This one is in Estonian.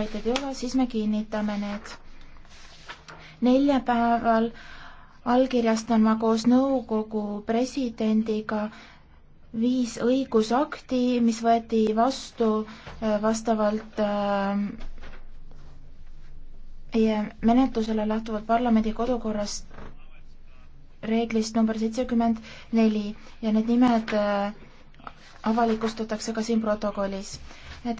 vastuväiteid ei ole, siis me kinnitame need. neljapäeval allkirjastan ma koos nõukogu presidendiga viis õigusakti, mis võeti vastu äh, vastavalt äh, menetlusele lähtuvalt parlamendi kodukorrast reeglist number seitsekümmend neli ja need nimed äh, avalikustatakse ka siin protokollis